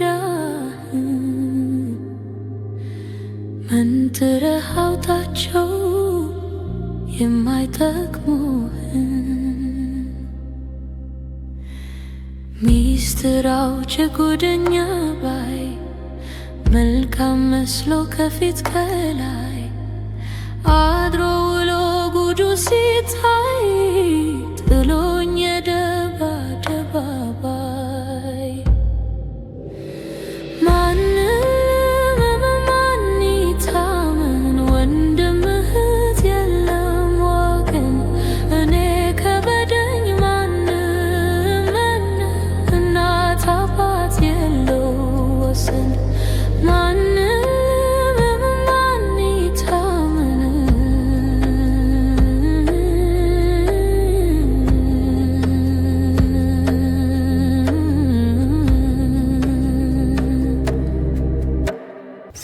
ጓዳህን መንትረህ አውጣቸው የማይጠቅሙህን ሚስጥር አውጭ ባይ መልካም መስሎ ከፊት ከላይ አድሮ ውሎ ጉዱ ሲታይ ጥሎ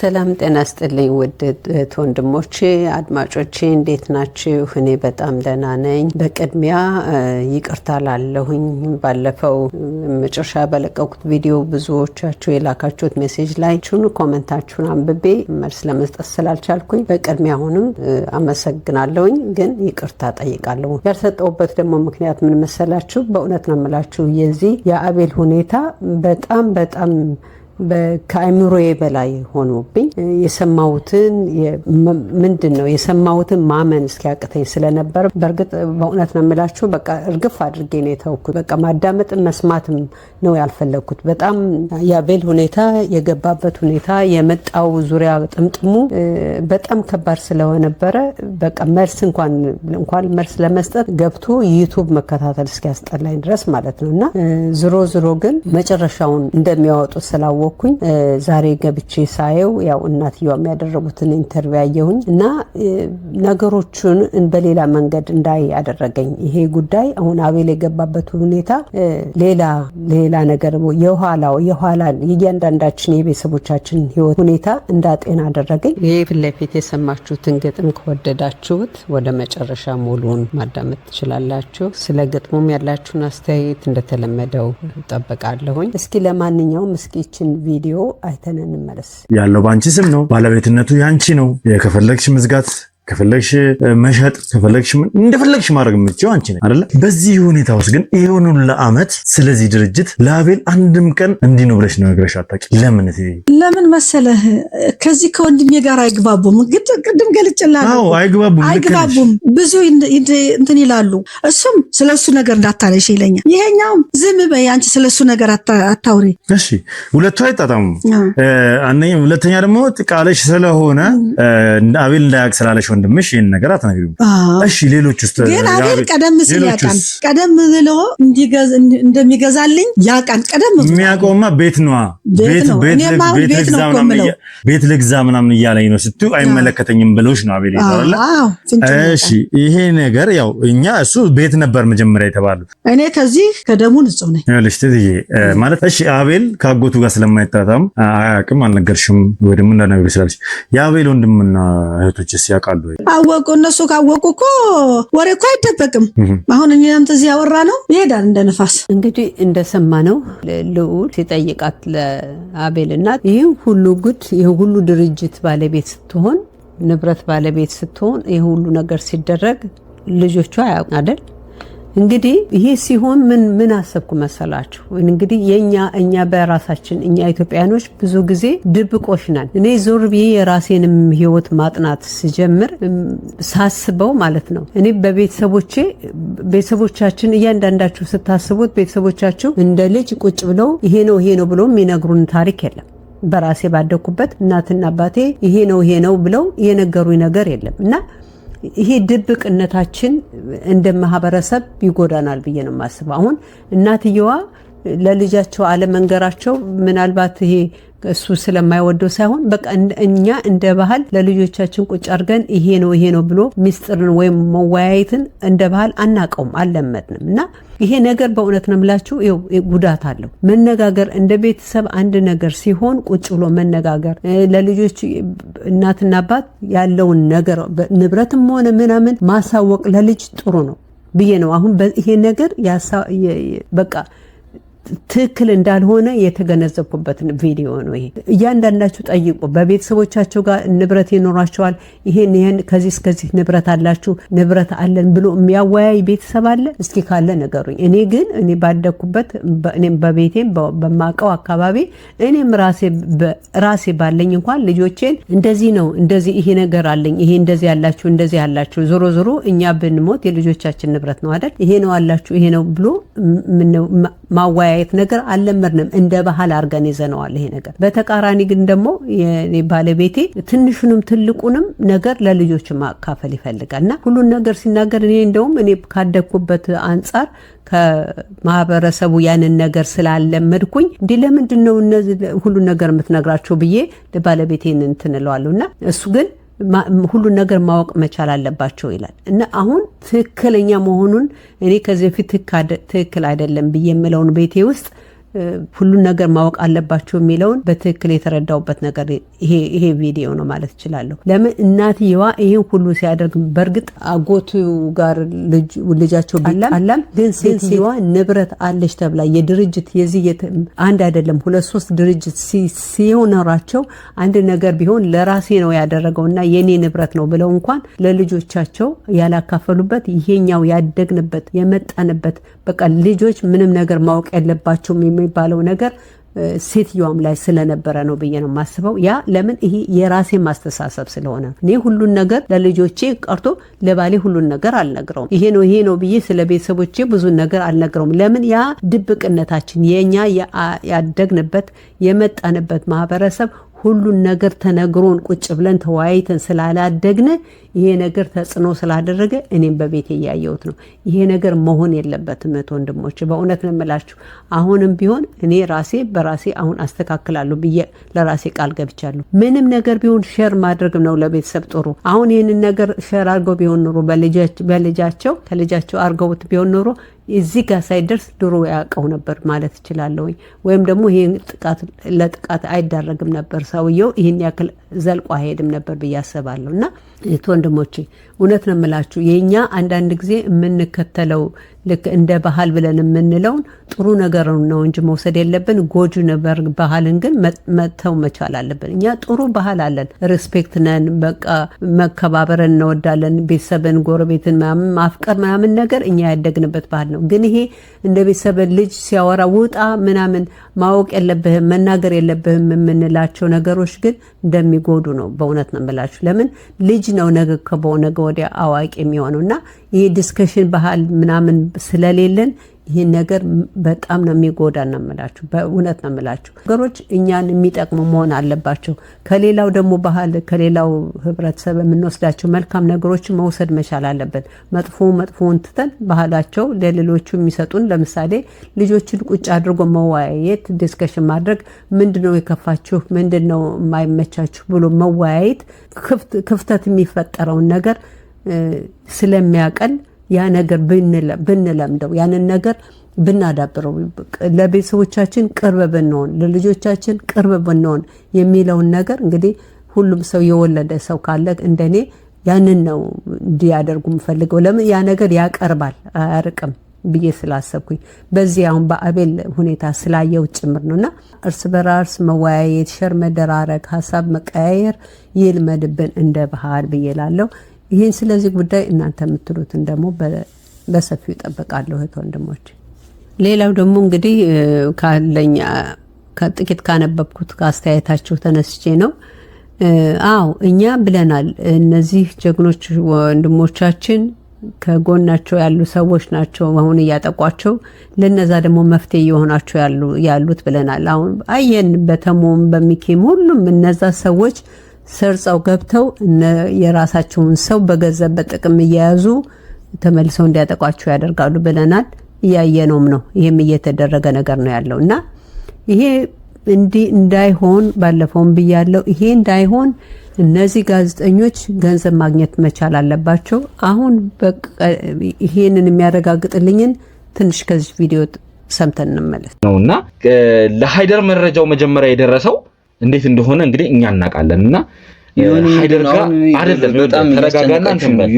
ሰላም ጤና ስጥልኝ ውድ ወንድሞቼ አድማጮቼ እንዴት ናችሁ? እኔ በጣም ደህና ነኝ። በቅድሚያ ይቅርታ ላለሁኝ ባለፈው መጨረሻ በለቀቁት ቪዲዮ ብዙዎቻችሁ የላካችሁት ሜሴጅ ላይ ችን ኮመንታችሁን አንብቤ መልስ ለመስጠት ስላልቻልኩኝ በቅድሚያ አሁንም አመሰግናለሁኝ፣ ግን ይቅርታ ጠይቃለሁ። ያልሰጠውበት ደግሞ ምክንያት ምን መሰላችሁ? በእውነት ነው የምላችሁ የዚህ የአቤል ሁኔታ በጣም በጣም ከአእምሮ በላይ ሆኖብኝ የሰማሁትን ምንድን ነው የሰማሁትን ማመን እስኪያቅተኝ ስለነበረ፣ በእርግጥ በእውነት ነው የምላችሁ፣ በቃ እርግፍ አድርጌ ነው የተውኩት። በቃ ማዳመጥም መስማትም ነው ያልፈለግኩት። በጣም የአቤል ሁኔታ የገባበት ሁኔታ የመጣው ዙሪያ ጥምጥሙ በጣም ከባድ ስለነበረ በቃ መልስ እንኳን እንኳን መልስ ለመስጠት ገብቶ ዩቱብ መከታተል እስኪያስጠላኝ ድረስ ማለት ነው እና ዝሮ ዝሮ ግን መጨረሻውን እንደሚያወጡት ስላወ ስላላወቅኩኝ ዛሬ ገብቼ ሳየው ያው እናትየዋም የሚያደረጉትን ኢንተርቪው ያየሁኝ እና ነገሮቹን በሌላ መንገድ እንዳይ ያደረገኝ ይሄ ጉዳይ አሁን አቤል የገባበት ሁኔታ ሌላ ሌላ ነገር የኋላው የኋላ የእያንዳንዳችን የቤተሰቦቻችን ህይወት ሁኔታ እንዳጤና አደረገኝ። ይህ ፊት ለፊት የሰማችሁትን ግጥም ከወደዳችሁት ወደ መጨረሻ ሙሉን ማዳመጥ ትችላላችሁ። ስለ ግጥሙም ያላችሁን አስተያየት እንደተለመደው ጠብቃለሁኝ። እስኪ ለማንኛውም እስኪ ይችን ቪዲዮ አይተን እንመለስ። ያለው በአንቺ ስም ነው፣ ባለቤትነቱ ያንቺ ነው። የከፈለግሽ መዝጋት ከፈለግሽ መሸጥ ከፈለግሽ እንደፈለግሽ ማድረግ የምትችው አንቺ ነ አለ። በዚህ ሁኔታ ውስጥ ግን ይሁን ለአመት ስለዚህ ድርጅት ለአቤል አንድም ቀን እንዲህ ነው ብለሽ ነግረሽ አታውቂም። ለምን ለምን መሰለህ? ከዚህ ከወንድሜ ጋር አይግባቡም። ቅድም ገልጭልሃለሁ። አይግባቡም አይግባቡም። ብዙ እንትን ይላሉ። እሱም ስለ እሱ ነገር እንዳታለሽ ይለኛል። ይሄኛውም ዝም በይ አንቺ ስለ እሱ ነገር አታውሪ። እሺ፣ ሁለቱ አይጣጣሙም። ሁለተኛ ደግሞ ቃለሽ ስለሆነ አቤል እንዳያቅ ስላለሽ ወንድምሽ ይህን ነገር አትነግሪውም። እሺ ሌሎች ውስጥ ግን አቤል ቀደም ሲል ያውቃል። ቀደም ብሎ እንደሚገዛልኝ ያውቃል። ቀደም የሚያውቀውማ ቤት ነዋ። ቤት ልግዛ ምናምን እያለኝ ነው ስትይው አይመለከተኝም ብሎሽ ነው አቤል እሺ ይሄ ነገር ያው እኛ እሱ ቤት ነበር መጀመሪያ የተባሉት። እኔ ከዚህ ከደሙ ንጹህ ነኝ ልሽ ትትዬ ማለት እሺ አቤል ከአጎቱ ጋር ስለማይጣጣም አያውቅም፣ አልነገርሽም ወይ ደግሞ እንዳነገሩ ስላለች የአቤል ወንድምና እህቶች ያውቃሉ? አወቁ። እነሱ ካወቁ እኮ ወሬ እኮ አይደበቅም። አሁን እኛም እዚህ ያወራ ነው ይሄዳል እንደ ነፋስ። እንግዲህ እንደሰማ ነው ልዑል ሲጠይቃት ለአቤል እናት ይህ ሁሉ ጉድ ይህ ሁሉ ድርጅት ባለቤት ስትሆን ንብረት ባለቤት ስትሆን ይህ ሁሉ ነገር ሲደረግ ልጆቿ አያውቁ አይደል እንግዲህ ይሄ ሲሆን ምን ምን አሰብኩ መሰላችሁ? እንግዲህ የኛ እኛ በራሳችን እኛ ኢትዮጵያኖች ብዙ ጊዜ ድብቆች ነን። እኔ ዞር ብዬ የራሴንም ህይወት ማጥናት ስጀምር ሳስበው ማለት ነው እኔ በቤተሰቦቼ ቤተሰቦቻችን እያንዳንዳችሁ ስታስቡት ቤተሰቦቻችሁ እንደ ልጅ ቁጭ ብለው ይሄ ነው ይሄ ነው ብሎ የሚነግሩን ታሪክ የለም። በራሴ ባደኩበት እናትና አባቴ ይሄ ነው ይሄ ነው ብለው የነገሩኝ ነገር የለም እና ይሄ ድብቅነታችን እንደ ማህበረሰብ ይጎዳናል ብዬ ነው የማስበው። አሁን እናትየዋ ለልጃቸው አለመንገራቸው ምናልባት ይሄ እሱ ስለማይወደው ሳይሆን በቃ እኛ እንደ ባህል ለልጆቻችን ቁጭ አድርገን ይሄ ነው ይሄ ነው ብሎ ሚስጥርን ወይም መወያየትን እንደ ባህል አናቀውም፣ አልለመድንም እና ይሄ ነገር በእውነት ነው የምላችሁ ጉዳት አለው። መነጋገር እንደ ቤተሰብ አንድ ነገር ሲሆን ቁጭ ብሎ መነጋገር ለልጆች እናትና አባት ያለውን ነገር ንብረትም ሆነ ምናምን ማሳወቅ ለልጅ ጥሩ ነው ብዬ ነው አሁን ይሄ ነገር በቃ ትክክል እንዳልሆነ የተገነዘብኩበት ቪዲዮ ነው ይሄ። እያንዳንዳችሁ ጠይቁ። በቤተሰቦቻቸው ጋር ንብረት ይኖሯቸዋል። ይሄን ይሄን ከዚህ እስከዚህ ንብረት አላችሁ፣ ንብረት አለን ብሎ የሚያወያይ ቤተሰብ አለ? እስኪ ካለ ነገሩኝ። እኔ ግን እኔ ባደግኩበት በቤቴም በማቀው አካባቢ እኔም ራሴ ባለኝ እንኳን ልጆቼን እንደዚህ ነው እንደዚህ ይሄ ነገር አለኝ ይሄ እንደዚህ ያላችሁ እንደዚህ ያላችሁ፣ ዞሮ ዞሮ እኛ ብንሞት የልጆቻችን ንብረት ነው አይደል? ይሄ ነው አላችሁ ይሄ ነው ብሎ ማወያየት ነገር አልለመድንም። እንደ ባህል አድርገን ይዘነዋል። ይሄ ነገር በተቃራኒ ግን ደግሞ ባለቤቴ ትንሹንም ትልቁንም ነገር ለልጆች ማካፈል ይፈልጋል እና ሁሉን ነገር ሲናገር እኔ እንደውም እኔ ካደግኩበት አንጻር ከማህበረሰቡ ያንን ነገር ስላለመድኩኝ እንዲህ ለምንድን ነው እነዚህ ሁሉን ነገር የምትነግራቸው ብዬ ለባለቤቴን እንትን እለዋለሁ እና እሱ ግን ሁሉን ነገር ማወቅ መቻል አለባቸው ይላል እና አሁን ትክክለኛ መሆኑን እኔ ከዚህ በፊት ትክክል አይደለም ብዬ የምለውን ቤቴ ውስጥ ሁሉን ነገር ማወቅ አለባቸው የሚለውን በትክክል የተረዳውበት ነገር ይሄ ቪዲዮ ነው ማለት እችላለሁ። ለምን እናትየዋ ይህን ሁሉ ሲያደርግ በእርግጥ አጎቱ ጋር ልጃቸው አላም፣ ግን ሴትየዋ ንብረት አለች ተብላ የድርጅት የዚህ አንድ አይደለም ሁለት ሶስት ድርጅት ሲሆነራቸው አንድ ነገር ቢሆን ለራሴ ነው ያደረገው እና የኔ ንብረት ነው ብለው እንኳን ለልጆቻቸው ያላካፈሉበት ይሄኛው ያደግንበት የመጣንበት በቃ ልጆች ምንም ነገር ማወቅ ያለባቸው የሚባለው ነገር ሴትዮዋም ላይ ስለነበረ ነው ብዬ ነው የማስበው። ያ ለምን ይሄ የራሴ ማስተሳሰብ ስለሆነ እኔ ሁሉን ነገር ለልጆቼ ቀርቶ ለባሌ ሁሉን ነገር አልነግረውም። ይሄ ነው ይሄ ነው ብዬ ስለ ቤተሰቦቼ ብዙ ነገር አልነግረውም። ለምን ያ ድብቅነታችን የእኛ ያደግንበት የመጣንበት ማህበረሰብ ሁሉን ነገር ተነግሮን ቁጭ ብለን ተወያይተን ስላላደግን ይሄ ነገር ተጽዕኖ ስላደረገ እኔም በቤት እያየሁት ነው። ይሄ ነገር መሆን የለበትም እህት ወንድሞች፣ በእውነት ነው የምላችሁ። አሁንም ቢሆን እኔ ራሴ በራሴ አሁን አስተካክላለሁ ብዬ ለራሴ ቃል ገብቻለሁ። ምንም ነገር ቢሆን ሸር ማድረግ ነው ለቤተሰብ ጥሩ። አሁን ይህንን ነገር ሸር አድርገው ቢሆን ኑሮ በልጃቸው ከልጃቸው አድርገውት ቢሆን ኑሮ እዚህ ጋር ሳይደርስ ድሮ ያውቀው ነበር ማለት እችላለሁ ወይም ደግሞ ይህን ጥቃት ለጥቃት አይዳረግም ነበር ሰውየው ይህን ያክል ዘልቆ አይሄድም ነበር ብዬ አስባለሁ። እና ወንድሞቼ፣ እውነት ነው የምላችሁ የእኛ አንዳንድ ጊዜ የምንከተለው ልክ እንደ ባህል ብለን የምንለውን ጥሩ ነገር ነው እንጂ መውሰድ የለብን። ጎጁ ነበር ባህልን ግን መተው መቻል አለብን። እኛ ጥሩ ባህል አለን፣ ሪስፔክት ነን፣ በቃ መከባበርን እንወዳለን። ቤተሰብን፣ ጎረቤትን ማፍቀር ምናምን ነገር እኛ ያደግንበት ባህል ነው። ግን ይሄ እንደ ቤተሰብን ልጅ ሲያወራ ውጣ ምናምን ማወቅ የለብህም መናገር የለብህም የምንላቸው ነገሮች ግን እንደሚጎዱ ነው። በእውነት ነው የምላችሁ። ለምን ልጅ ነው ነገ ከበው ነገ ወዲያ አዋቂ የሚሆነው እና ይሄ ዲስከሽን ባህል ምናምን ስለሌለን ይህን ነገር በጣም ነው የሚጎዳ ነው የምላችሁ። በእውነት ነው የምላችሁ። ነገሮች እኛን የሚጠቅሙ መሆን አለባቸው። ከሌላው ደግሞ ባህል፣ ከሌላው ህብረተሰብ የምንወስዳቸው መልካም ነገሮች መውሰድ መቻል አለብን። መጥፎ መጥፎውን ትተን ባህላቸው ለሌሎቹ የሚሰጡን ለምሳሌ ልጆችን ቁጭ አድርጎ መወያየት፣ ዲስከሽን ማድረግ ምንድነው የከፋችሁ፣ ምንድነው የማይመቻችሁ ብሎ መወያየት ክፍተት የሚፈጠረውን ነገር ስለሚያቀል ያ ነገር ብንለምደው ያንን ነገር ብናዳብረው ለቤተሰቦቻችን ቅርብ ብንሆን ለልጆቻችን ቅርብ ብንሆን የሚለውን ነገር እንግዲህ ሁሉም ሰው የወለደ ሰው ካለ እንደኔ ያንን ነው እንዲያደርጉ የምፈልገው። ለምን ያ ነገር ያቀርባል አያርቅም ብዬ ስላሰብኩኝ በዚህ አሁን በአቤል ሁኔታ ስላየው ጭምር ነው። እና እርስ በራርስ መወያየት፣ ሸር መደራረግ፣ ሀሳብ መቀያየር ይልመድብን እንደ ባህል ብዬ ላለው ይህን ስለዚህ ጉዳይ እናንተ የምትሉትን ደግሞ በሰፊው ይጠበቃለሁ እህት ወንድሞች። ሌላው ደግሞ እንግዲህ ካለኝ ከጥቂት ካነበብኩት ከአስተያየታችሁ ተነስቼ ነው። አዎ እኛ ብለናል፣ እነዚህ ጀግኖች ወንድሞቻችን ከጎናቸው ያሉ ሰዎች ናቸው አሁን እያጠቋቸው፣ ለነዛ ደግሞ መፍትሄ እየሆናቸው ያሉት ብለናል። አሁን አየን፣ በተሞም በሚኬም ሁሉም እነዛ ሰዎች ሰርጸው ገብተው የራሳቸውን ሰው በገንዘብ በጥቅም እየያዙ ተመልሰው እንዲያጠቋቸው ያደርጋሉ ብለናል። እያየነውም ነው። ይህም እየተደረገ ነገር ነው ያለው እና ይሄ እንዲህ እንዳይሆን ባለፈውም ብያለው። ይሄ እንዳይሆን እነዚህ ጋዜጠኞች ገንዘብ ማግኘት መቻል አለባቸው። አሁን ይሄንን የሚያረጋግጥልኝን ትንሽ ከዚህ ቪዲዮ ሰምተን እንመለስ ነው እና ለሀይደር መረጃው መጀመሪያ የደረሰው እንዴት እንደሆነ እንግዲህ እኛ እናውቃለን እና ሀይደር ጋር አይደለም ተረጋጋና እንትን በል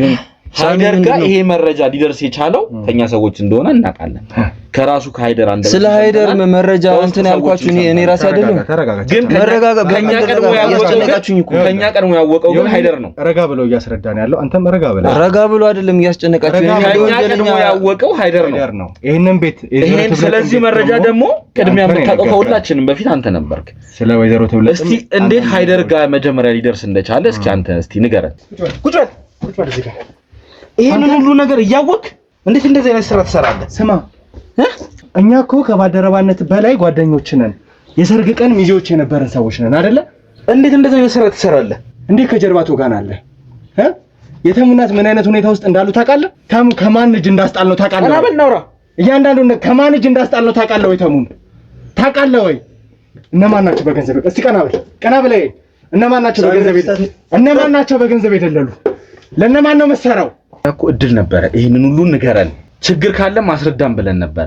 ሀገር ጋር ይሄ መረጃ ሊደርስ የቻለው ከኛ ሰዎች እንደሆነ እናውቃለን። ከራሱ ከሃይደር አንደ ስለ ሃይደር መረጃ እንትን ያልኳችሁ እኔ ራሴ አይደለም፣ ግን ከኛ ቀድሞ ያወቀው ግን ሃይደር ነው። ረጋ ብሎ እያስረዳን ያለው አንተም ረጋ ብለ ረጋ ብሎ አይደለም እያስጨነቃችሁ። ከኛ ቀድሞ ያወቀው ሃይደር ነው ይሄንን ቤት። ይሄን። ስለዚህ መረጃ ደግሞ ቅድሚያ የምታውቀው ከሁላችንም በፊት አንተ ነበርክ። ስለ ወይዘሮ ተብለ እስቲ እንዴት ሃይደር ጋር መጀመሪያ ሊደርስ እንደቻለ እስኪ አንተ እስቲ ንገረን። ቁጭ በል ቁጭ በል እዚህ ጋር ይሄንን ሁሉ ነገር እያወቅህ እንዴት እንደዚህ አይነት ስራ ትሰራለህ? ስማ እኛ እኮ ከባልደረባነት በላይ ጓደኞች ነን። የሰርግ ቀን ሚዜዎች የነበረን ሰዎች ነን አይደለ? እንዴት እንደዚህ አይነት ስራ ትሰራለህ? እንዴት ከጀርባ ትወጋናለህ? የተሙ እናት ምን አይነት ሁኔታ ውስጥ እንዳሉ ታውቃለህ? ተሙ ከማን እጅ እንዳስጣል ነው ታውቃለህ? አና በእናትህ እያንዳንዱ ከማን እጅ እንዳስጣል ነው ታውቃለህ ወይ? ተሙን ታውቃለህ ወይ? እነማን ናቸው በገንዘብ እስቲ ቀና በል ቀና በል። እነማን ናቸው በገንዘብ እነማን ናቸው በገንዘብ የደለሉ? ለእነማን ነው መሰራው? እኮ እድል ነበረ። ይህንን ሁሉ ንገረን፣ ችግር ካለ ማስረዳን ብለን ነበረ።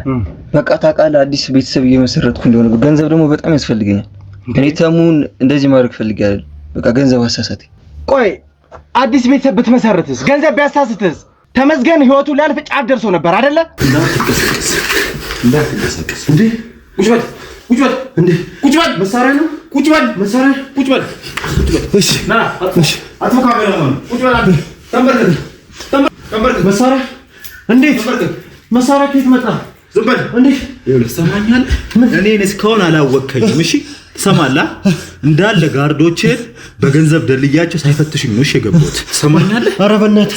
በቃ ታውቃለህ፣ አዲስ ቤተሰብ እየመሰረትኩ እንደሆነ ገንዘብ ደግሞ በጣም ያስፈልገኛል። እኔ ተሙን እንደዚህ ማድረግ ፈልጋለሁ። በቃ ገንዘብ አሳሳት። ቆይ አዲስ ቤተሰብ ብትመሰርትስ? ገንዘብ ቢያሳስትስ? ተመስገን ህይወቱ ሊያልፍ ጫፍ ደርሶ ነበር አይደለ? ቁጭ በል ቁጭ በል መሳሪያ እንዴት መሳሪያ ከየት መጣ? ዝም በል እንዴት ትሰማኛለህ? እኔ እስካሁን አላወቅከኝም። እሺ ትሰማለህ? እንዳለ ጋርዶችን በገንዘብ ደልያቸው ሳይፈትሽኝ ነው የገባሁት። ትሰማኛለህ? ኧረ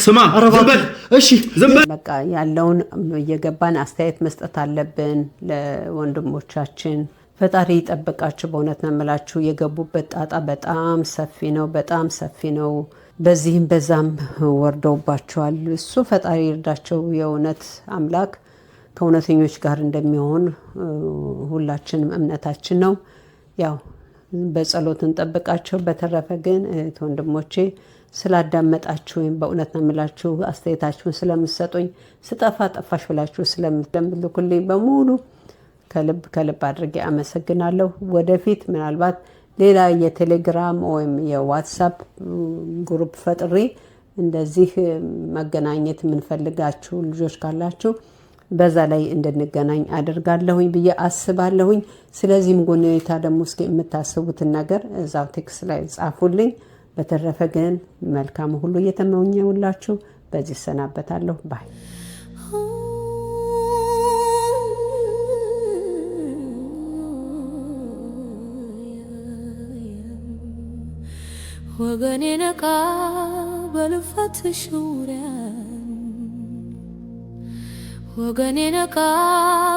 ስማ። ዝም እሺ፣ ዝም በቃ። ያለውን እየገባን አስተያየት መስጠት አለብን ለወንድሞቻችን። ፈጣሪ ይጠብቃቸው። በእውነት ነው የምላችሁ የገቡበት ጣጣ በጣም ሰፊ ነው፣ በጣም ሰፊ ነው። በዚህም በዛም ወርደውባቸዋል። እሱ ፈጣሪ ይርዳቸው። የእውነት አምላክ ከእውነተኞች ጋር እንደሚሆን ሁላችንም እምነታችን ነው። ያው በጸሎት እንጠብቃቸው። በተረፈ ግን እህት ወንድሞቼ ወይም በእውነት ነው የምላችሁ። አስተያየታችሁን ስለምሰጡኝ ስጠፋ ጠፋሽ ብላችሁ ስለምትልኩልኝ በሙሉ ከልብ ከልብ አድርጌ አመሰግናለሁ። ወደፊት ምናልባት ሌላ የቴሌግራም ወይም የዋትሳፕ ግሩፕ ፈጥሬ እንደዚህ መገናኘት የምንፈልጋችሁ ልጆች ካላችሁ በዛ ላይ እንድንገናኝ አድርጋለሁኝ ብዬ አስባለሁኝ። ስለዚህም ጎኔታ ደግሞ እስኪ የምታስቡትን ነገር እዛው ቴክስ ላይ ጻፉልኝ። በተረፈ ግን መልካም ሁሉ እየተመኘሁላችሁ በዚህ እሰናበታለሁ ባይ ወገኔ ነቃ በልፈትሽ ዙሪያን ወገኔ ነቃ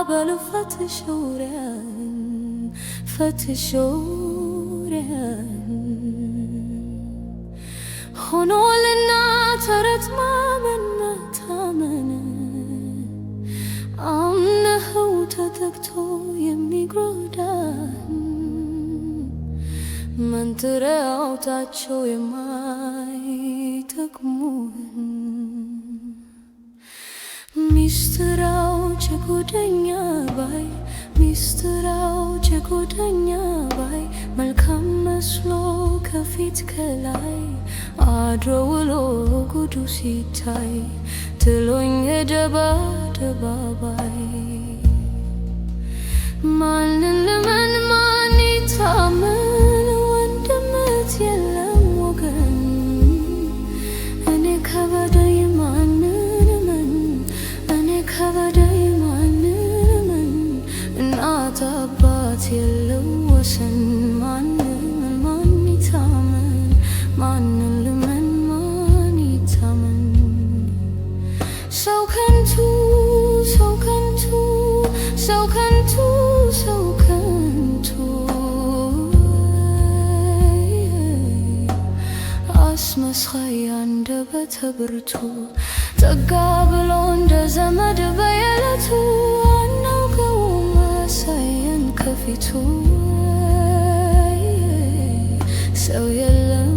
በልፈትሽ ዙሪያን ፈትሽ ዙሪያን ሆኖልና ተረት ማመና ታመነ አምነኸው ተተግቶ የሚጎዳ መንትረውታቸው የማይጠቅሙን ሚስትር አውጭ ጉደኛ ባይ ሚስትር አውጭ ባይ መልካም መስሎ ከፊት ከላይ አድሮ ውሎ ጉዱ ሲታይ ትሎኝ ደባ ደባባይ ማንን ልመን ማን ይታመን ሰው ከንቱ ሰው ከንቱ ሰው ከንቱ ሰው ብርቱ ጠጋ ብሎ እንደ ዘመድ በየዕለቱ አናውቀው ማሳየን ከፊቱ ሰው የለም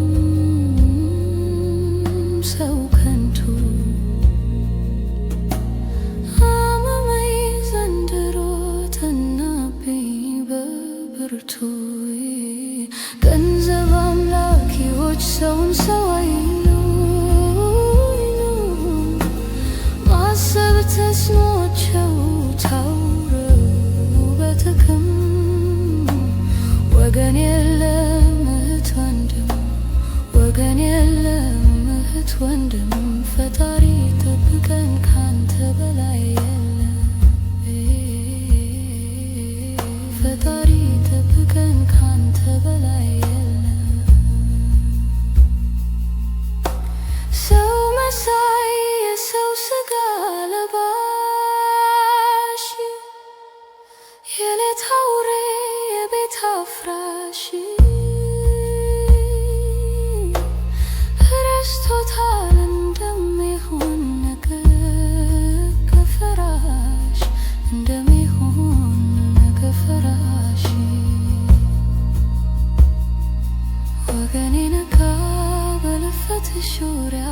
በሕይወት ሹሪያ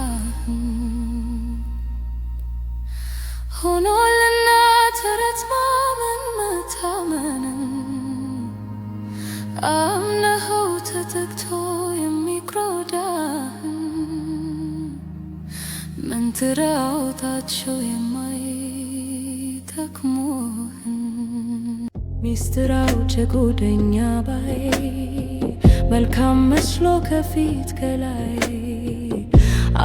ሆኖልና ተተግቶ የሚጎዳህን ምንትራውታቸው ባይ መልካም መስሎ ከፊት ከላይ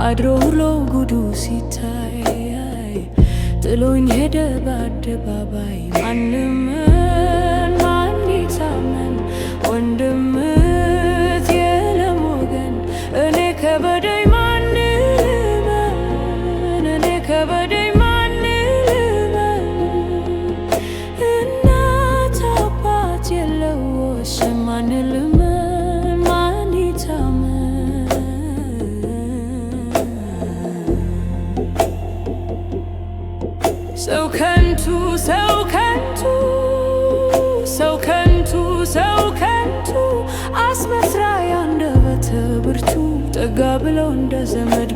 አድሮ ውሎ ጉዱ ሲታይ ጥሎኝ ሄደ በአደባባይ ማንም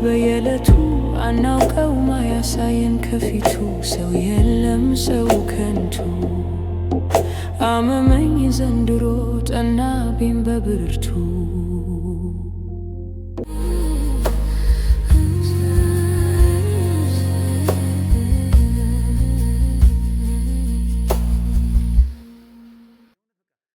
በየዕለቱ አናውቀው ማያሳየን ከፊቱ ሰው የለም ሰው ከንቱ አመመኝ ዘንድሮ ጠናብኝ በብርቱ